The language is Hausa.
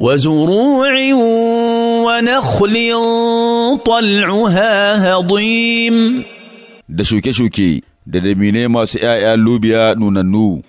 وزروع ونخل طلعها هضيم da shuke-shuke da dabine masu ‘ya'ya lubiya nunannu